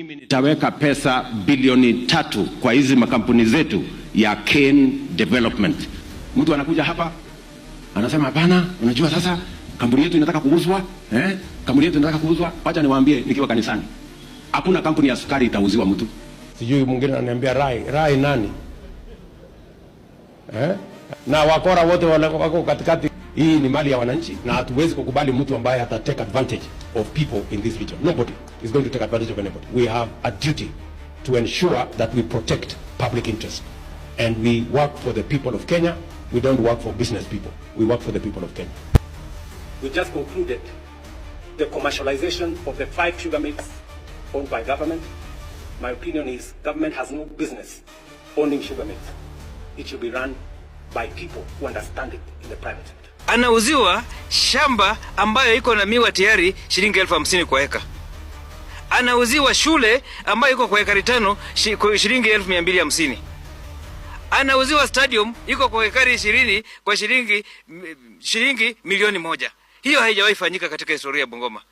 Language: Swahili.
Mimi nitaweka pesa bilioni tatu kwa hizi makampuni zetu ya Kane Development. Mtu anakuja hapa anasema hapana, unajua sasa kampuni yetu inataka kuuzwa eh? Kampuni yetu inataka kuuzwa. Wacha niwaambie, nikiwa kanisani hakuna kampuni ya sukari itauziwa mtu. Sijui mwingine ananiambia rai rai nani eh? na wakora wote wako katikati. Hii ni mali ya wananchi na hatuwezi kukubali mtu ambaye ata take advantage of people in this region. Nobody is going to take advantage of anybody. We have a duty to ensure that we protect public interest and we work for the people of Kenya. We don't work for business people. We work for the people of Kenya. We just concluded the commercialization of the five sugar mills owned by government. My opinion is government has no business owning sugar mills. It should be run by people who understand it in the private sector anauziwa shamba ambayo iko na miwa tayari shilingi elfu hamsini kwa eka anauziwa shule ambayo iko kwa ekari tano shilingi elfu mia mbili hamsini anauziwa stadium iko kwa ekari ishirini kwa shilingi shilingi milioni moja. Hiyo haijawahi fanyika katika historia ya Bungoma.